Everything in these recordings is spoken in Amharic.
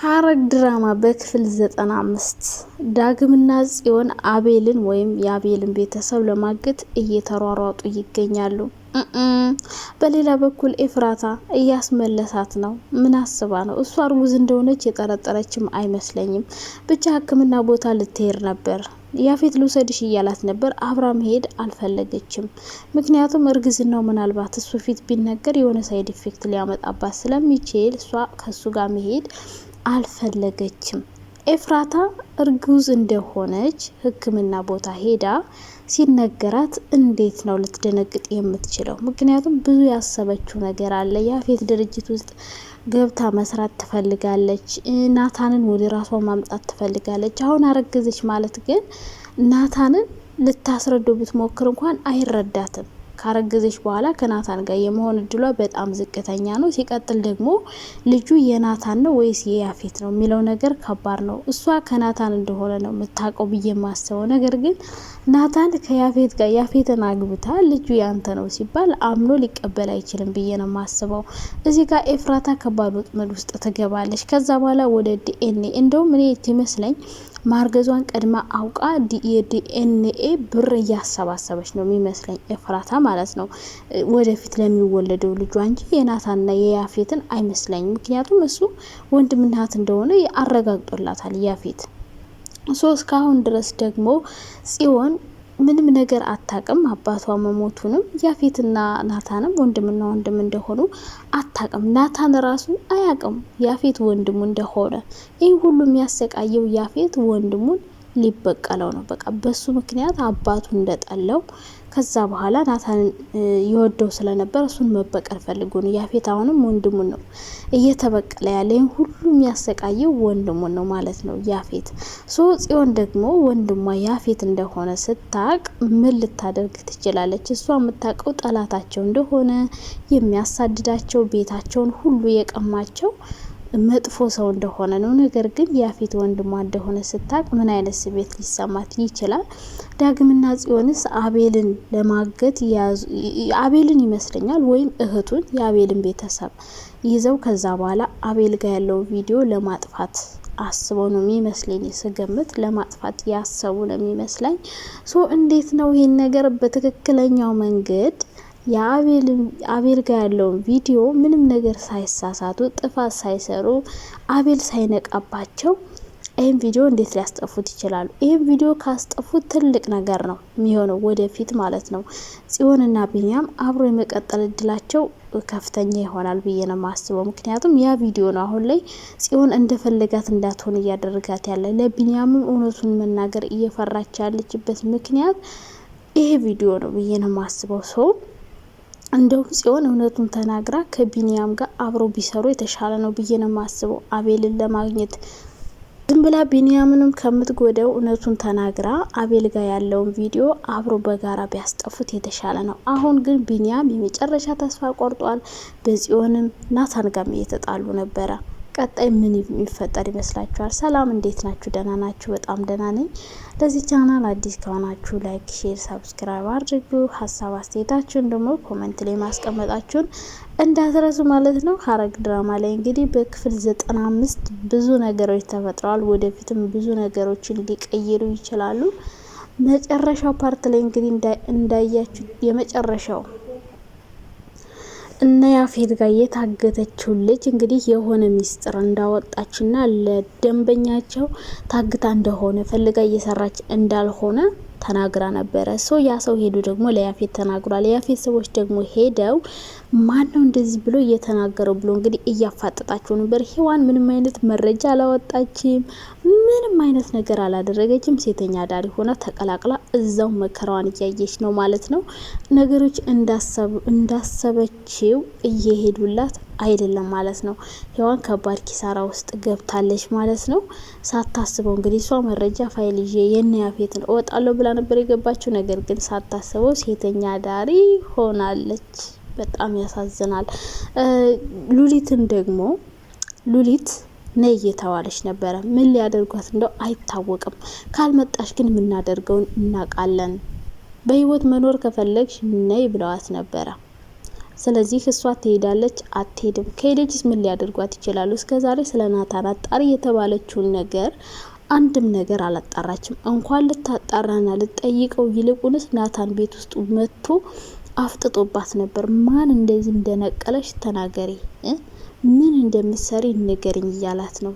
ሐረግ ድራማ በክፍል አምስት ዳግምና ጽዮን አቤልን ወይም የአቤልን ቤተሰብ ለማገት እየተሯሯጡ ይገኛሉ። በሌላ በኩል ኤፍራታ እያስመለሳት ነው። ምን አስባ ነው? እሷ እርጉዝ እንደሆነች የጠረጠረችም አይመስለኝም። ብቻ ሕክምና ቦታ ልትሄድ ነበር። ያፌት ልውሰድሽ እያላት ነበር። አብራ መሄድ አልፈለገችም። ምክንያቱም እርግዝናው ምናልባት እሱ ፊት ቢነገር የሆነ ሳይድ ኢፌክት ሊያመጣባት ስለሚችል እሷ ከሱ ጋር መሄድ አልፈለገችም። ኤፍራታ እርጉዝ እንደሆነች ሕክምና ቦታ ሄዳ ሲነገራት እንዴት ነው ልትደነግጥ የምትችለው? ምክንያቱም ብዙ ያሰበችው ነገር አለ። ያፌት ድርጅት ውስጥ ገብታ መስራት ትፈልጋለች። ናታንን ወደ ራሷ ማምጣት ትፈልጋለች። አሁን አረገዘች ማለት ግን ናታንን ልታስረዱ ብትሞክር እንኳን አይረዳትም። ካረገዘች በኋላ ከናታን ጋር የመሆን እድሏ በጣም ዝቅተኛ ነው። ሲቀጥል ደግሞ ልጁ የናታን ነው ወይስ የያፌት ነው የሚለው ነገር ከባድ ነው። እሷ ከናታን እንደሆነ ነው የምታውቀው ብዬ የማስበው ነገር ግን ናታን ከያፌት ጋር ያፌትን አግብታ ልጁ ያንተ ነው ሲባል አምኖ ሊቀበል አይችልም ብዬ ነው የማስበው። እዚህ ጋር ኤፍራታ ከባድ ወጥመድ ውስጥ ትገባለች። ከዛ በኋላ ወደ ዲኤንኤ እንደውም እኔ ትመስለኝ ማርገዟን ቀድማ አውቃ የዲኤንኤ ብር እያሰባሰበች ነው የሚመስለኝ ኤፍራታ ማለት ነው፣ ወደፊት ለሚወለደው ልጇ እንጂ የናታንና የያፌትን አይመስለኝም። ምክንያቱም እሱ ወንድምናት እንደሆነ አረጋግጦላታል ያፌት ሶ እስካሁን ድረስ ደግሞ ጽዮን ምንም ነገር አታቅም። አባቷ መሞቱንም ያፌትና ናታንም ወንድምና ወንድም እንደሆኑ አታቅም። ናታን ራሱ አያቅም ያፌት ወንድሙ እንደሆነ። ይህ ሁሉ የሚያሰቃየው ያፌት ወንድሙን ሊበቀለው ነው። በቃ በሱ ምክንያት አባቱ እንደጠለው ከዛ በኋላ ናታንን ይወደው ስለነበር እሱን መበቀል ፈልጎ ነው። ያፌት አሁንም ወንድሙን ነው እየተበቀለ ያለ። ይህን ሁሉ የሚያሰቃየው ወንድሙን ነው ማለት ነው ያፌት። ሶ ጽዮን ደግሞ ወንድሟ ያፌት እንደሆነ ስታቅ ምን ልታደርግ ትችላለች? እሷ የምታውቀው ጠላታቸው እንደሆነ የሚያሳድዳቸው ቤታቸውን ሁሉ የቀማቸው መጥፎ ሰው እንደሆነ ነው። ነገር ግን ያፌት ወንድሟ እንደሆነ ስታቅ ምን አይነት ስሜት ሊሰማት ይችላል? ዳግምና ጽዮንስ አቤልን ለማገት አቤልን ይመስለኛል ወይም እህቱን የአቤልን ቤተሰብ ይዘው ከዛ በኋላ አቤል ጋር ያለው ቪዲዮ ለማጥፋት አስበው ነው የሚመስለኝ። ስገምት ለማጥፋት ያሰቡ ነው የሚመስለኝ። ሶ እንዴት ነው ይህን ነገር በትክክለኛው መንገድ የአቤል ጋር ያለውን ቪዲዮ ምንም ነገር ሳይሳሳቱ ጥፋት ሳይሰሩ አቤል ሳይነቃባቸው ይህም ቪዲዮ እንዴት ሊያስጠፉት ይችላሉ? ይህም ቪዲዮ ካስጠፉት ትልቅ ነገር ነው የሚሆነው ወደፊት ማለት ነው። ጽዮንና ቢንያም አብሮ የመቀጠል እድላቸው ከፍተኛ ይሆናል ብዬ ነው የማስበው። ምክንያቱም ያ ቪዲዮ ነው አሁን ላይ ጽዮን እንደፈለጋት እንዳትሆን እያደረጋት ያለ፣ ለቢንያምም እውነቱን መናገር እየፈራች ያለችበት ምክንያት ይሄ ቪዲዮ ነው ብዬ ነው የማስበው ሰው እንደውም ጽዮን እውነቱን ተናግራ ከቢኒያም ጋር አብረው ቢሰሩ የተሻለ ነው ብዬ ነው የማስበው። አቤልን ለማግኘት ዝም ብላ ቢኒያምንም ከምትጎደው እውነቱን ተናግራ አቤል ጋር ያለውን ቪዲዮ አብሮ በጋራ ቢያስጠፉት የተሻለ ነው። አሁን ግን ቢንያም የመጨረሻ ተስፋ ቆርጧል። በጽዮንም ናታን ጋም እየተጣሉ ነበረ። ቀጣይ ምን የሚፈጠር ይመስላችኋል? ሰላም፣ እንዴት ናችሁ? ደህና ናችሁ? በጣም ደህና ነኝ። ለዚህ ቻናል አዲስ ከሆናችሁ ላይክ፣ ሼር፣ ሰብስክራይብ አድርጉ። ሀሳብ አስተያየታችሁን ደግሞ ኮመንት ላይ ማስቀመጣችሁን እንዳትረሱ ማለት ነው። ሀረግ ድራማ ላይ እንግዲህ በክፍል ዘጠና አምስት ብዙ ነገሮች ተፈጥረዋል። ወደፊትም ብዙ ነገሮችን ሊቀይሩ ይችላሉ። መጨረሻው ፓርት ላይ እንግዲህ እንዳያችሁ የመጨረሻው እና ያፌት ጋር የታገተችው ልጅ እንግዲህ የሆነ ሚስጥር እንዳወጣችና ለደንበኛቸው ታግታ እንደሆነ ፈልጋ እየሰራች እንዳልሆነ ተናግራ ነበረ። ሶ ያ ሰው ሄዱ ደግሞ ለያፌት ተናግሯል። የያፌት ሰዎች ደግሞ ሄደው ማን ነው እንደዚህ ብሎ እየተናገረው ብሎ እንግዲህ እያፋጠጣቸው ነበር። ሄዋን ምንም አይነት መረጃ አላወጣችም። ምንም አይነት ነገር አላደረገችም። ሴተኛ አዳሪ ሆና ተቀላቅላ እዛው መከራዋን እያየች ነው ማለት ነው። ነገሮች እንዳሰበችው እየሄዱላት አይደለም ማለት ነው። ሔዋን ከባድ ኪሳራ ውስጥ ገብታለች ማለት ነው። ሳታስበው እንግዲህ እሷ መረጃ ፋይል ይዤ የነ ነው እወጣለሁ ብላ ነበር የገባችው። ነገር ግን ሳታስበው ሴተኛ አዳሪ ሆናለች። በጣም ያሳዝናል። ሉሊትን ደግሞ ሉሊት ነይ እየተባለች ነበረ። ምን ሊያደርጓት እንደው አይታወቅም። ካልመጣሽ ግን የምናደርገውን እናውቃለን። በህይወት መኖር ከፈለግሽ ነይ ብለዋት ነበረ። ስለዚህ እሷ ትሄዳለች አትሄድም? ከሄደችስ ምን ሊያደርጓት ይችላሉ? እስከዛሬ ስለ ናታን አጣሪ የተባለችውን ነገር አንድም ነገር አላጣራችም። እንኳን ልታጣራና ልጠይቀው ይልቁንስ ናታን ቤት ውስጥ መጥቶ አፍጥጦባት ነበር። ማን እንደዚህ እንደነቀለሽ ተናገሪ፣ ምን እንደምትሰሪ ንገርኝ እያላት ነው።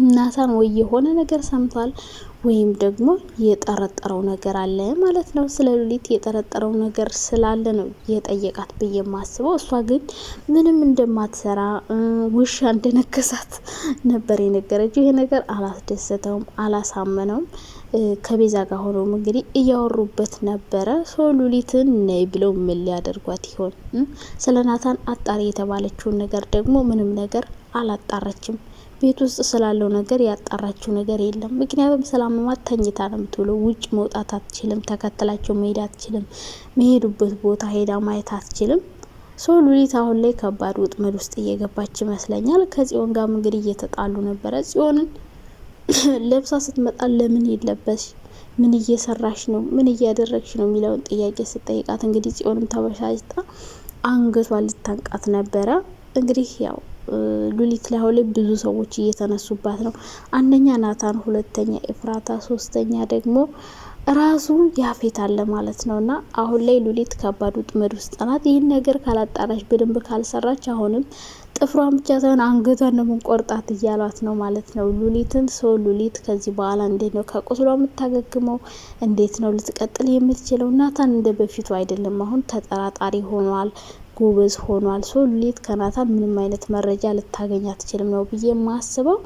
እናታን ወይ የሆነ ነገር ሰምቷል ወይም ደግሞ የጠረጠረው ነገር አለ ማለት ነው። ስለ ሉሊት የጠረጠረው ነገር ስላለ ነው የጠየቃት ብዬ የማስበው። እሷ ግን ምንም እንደማትሰራ ውሻ እንደነከሳት ነበር የነገረችው። ይሄ ነገር አላስደሰተውም፣ አላሳመነውም። ከቤዛ ጋር ሆነው እንግዲህ እያወሩበት ነበረ። ሰው ሉሊትን ነይ ብለው ምን ሊያደርጓት ይሆን? ስለ ናታን አጣሪ የተባለችውን ነገር ደግሞ ምንም ነገር አላጣረችም። ቤት ውስጥ ስላለው ነገር ያጣራችው ነገር የለም። ምክንያቱም ስላመማት ተኝታ ነው የምትውለው። ውጭ መውጣት አትችልም። ተከትላቸው መሄድ አትችልም። መሄዱበት ቦታ ሄዳ ማየት አትችልም። ሰው ሉሊት አሁን ላይ ከባድ ውጥመድ ውስጥ እየገባች ይመስለኛል። ከጽዮን ጋርም እንግዲህ እየተጣሉ ነበረ ጽዮንን ለብሳ ስትመጣ ለምን የለበሽ ምን እየሰራሽ ነው ምን እያደረግሽ ነው የሚለውን ጥያቄ ስጠይቃት እንግዲህ ጽዮንም ተበሳጭታ አንገቷ ልታንቃት ነበረ። እንግዲህ ያው ሉሊት ላይ አሁን ብዙ ሰዎች እየተነሱባት ነው። አንደኛ ናታን፣ ሁለተኛ ኤፍራታ፣ ሶስተኛ ደግሞ ራሱ ያፌት አለ ማለት ነው። እና አሁን ላይ ሉሊት ከባድ ውጥመድ ውስጥ ናት። ይህን ነገር ካላጣራች በደንብ ካልሰራች አሁንም ጥፍሯን ብቻ ሳይሆን አንገቷን ነው ምንቆርጣት እያሏት ነው ማለት ነው ሉሊትን። ሶ ሉሊት ከዚህ በኋላ እንዴት ነው ከቁስሏ የምታገግመው? እንዴት ነው ልትቀጥል የምትችለው? ናታን እንደ በፊቱ አይደለም። አሁን ተጠራጣሪ ሆኗል፣ ጎበዝ ሆኗል። ሶ ሉሊት ከናታን ምንም አይነት መረጃ ልታገኝ አትችልም ነው ብዬ የማስበው።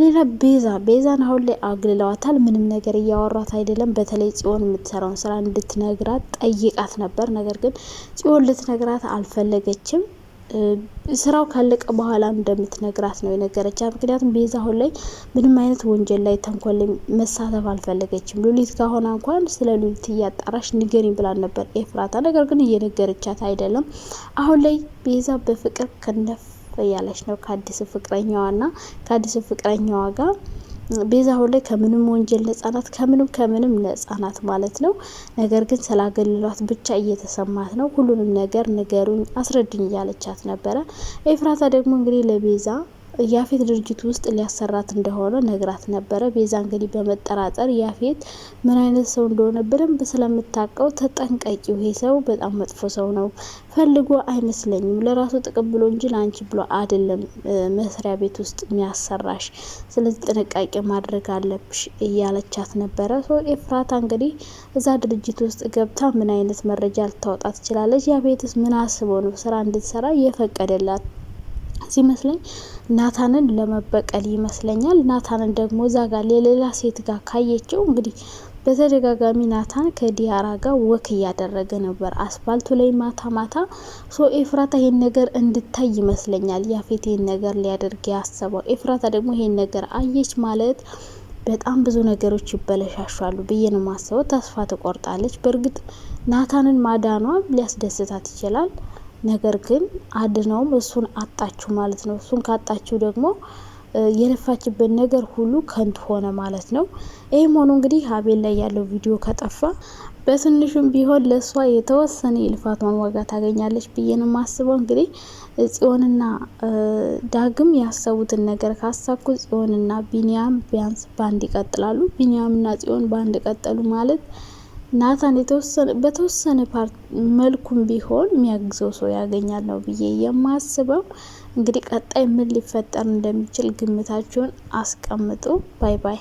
ሌላ ቤዛ ቤዛን አሁን ላይ አግልለዋታል። ምንም ነገር እያወራት አይደለም። በተለይ ጽዮን የምትሰራውን ስራ እንድትነግራት ጠይቃት ነበር። ነገር ግን ጽዮን ልትነግራት አልፈለገችም። ስራው ካለቀ በኋላ እንደምትነግራት ነው የነገረቻት ምክንያቱም ቤዛ አሁን ላይ ምንም አይነት ወንጀል ላይ ተንኮል መሳተፍ አልፈለገችም። ሉሊት ከሆነ እንኳን ስለ ሉሊት እያጣራሽ ንገሪኝ ብላን ነበር ኤፍራታ። ነገር ግን እየነገረቻት አይደለም። አሁን ላይ ቤዛ በፍቅር ከነፍ እያለች ነው ከአዲስ ፍቅረኛዋ ና ከአዲስ ፍቅረኛዋ ጋር ቤዛ አሁን ላይ ከምንም ወንጀል ነጻ ናት፣ ከምንም ከምንም ነጻ ናት ማለት ነው። ነገር ግን ስላገልሏት ብቻ እየተሰማት ነው። ሁሉንም ነገር ንገሩኝ፣ አስረዱኝ እያለቻት ነበረ። ኤፍራታ ደግሞ እንግዲህ ለቤዛ ያፌት ድርጅት ውስጥ ሊያሰራት እንደሆነ ነግራት ነበረ። ቤዛ እንግዲህ በመጠራጠር ያፌት ምን አይነት ሰው እንደሆነ በደንብ ስለምታውቀው ተጠንቀቂ፣ ይሄ ሰው በጣም መጥፎ ሰው ነው፣ ፈልጎ አይመስለኝም፣ ለራሱ ጥቅም ብሎ እንጂ ለአንቺ ብሎ አይደለም መስሪያ ቤት ውስጥ የሚያሰራሽ፣ ስለዚህ ጥንቃቄ ማድረግ አለብሽ እያለቻት ነበረ። ኤፍራታ እንግዲህ እዛ ድርጅት ውስጥ ገብታ ምን አይነት መረጃ ልታወጣ ትችላለች? ያፌትስ ምን አስቦ ነው ስራ እንድትሰራ እየፈቀደላት ሲመስለኝ ናታንን ለመበቀል ይመስለኛል። ናታንን ደግሞ እዛ ጋር ለሌላ ሴት ጋር ካየችው እንግዲህ በተደጋጋሚ ናታን ከዲያራ ጋር ወክ እያደረገ ነበር አስፋልቱ ላይ ማታ ማታ። ሶ ኤፍራታ ይሄን ነገር እንድታይ ይመስለኛል ያፌት ይሄን ነገር ሊያደርግ ያሰበው። ኤፍራታ ደግሞ ይሄን ነገር አየች ማለት በጣም ብዙ ነገሮች ይበለሻሻሉ ብዬ ነው ማሰበው። ተስፋ ትቆርጣለች። በእርግጥ ናታንን ማዳኗ ሊያስደስታት ይችላል። ነገር ግን አድነውም እሱን አጣችሁ ማለት ነው። እሱን ካጣችሁ ደግሞ የለፋችበት ነገር ሁሉ ከንቱ ሆነ ማለት ነው። ይህም ሆኖ እንግዲህ አቤል ላይ ያለው ቪዲዮ ከጠፋ በትንሹም ቢሆን ለእሷ የተወሰነ የልፋቷን ዋጋ ታገኛለች ብዬን ማስበው እንግዲህ ጽዮንና ዳግም ያሰቡትን ነገር ካሳኩ ጽዮንና ቢኒያም ቢያንስ ባንድ ይቀጥላሉ። ቢኒያምና ጽዮን ባንድ ቀጠሉ ማለት ናታን በተወሰነ ፓርት መልኩም ቢሆን የሚያግዘው ሰው ያገኛል ነው ብዬ የማስበው። እንግዲህ ቀጣይ ምን ሊፈጠር እንደሚችል ግምታችሁን አስቀምጡ። ባይ ባይ።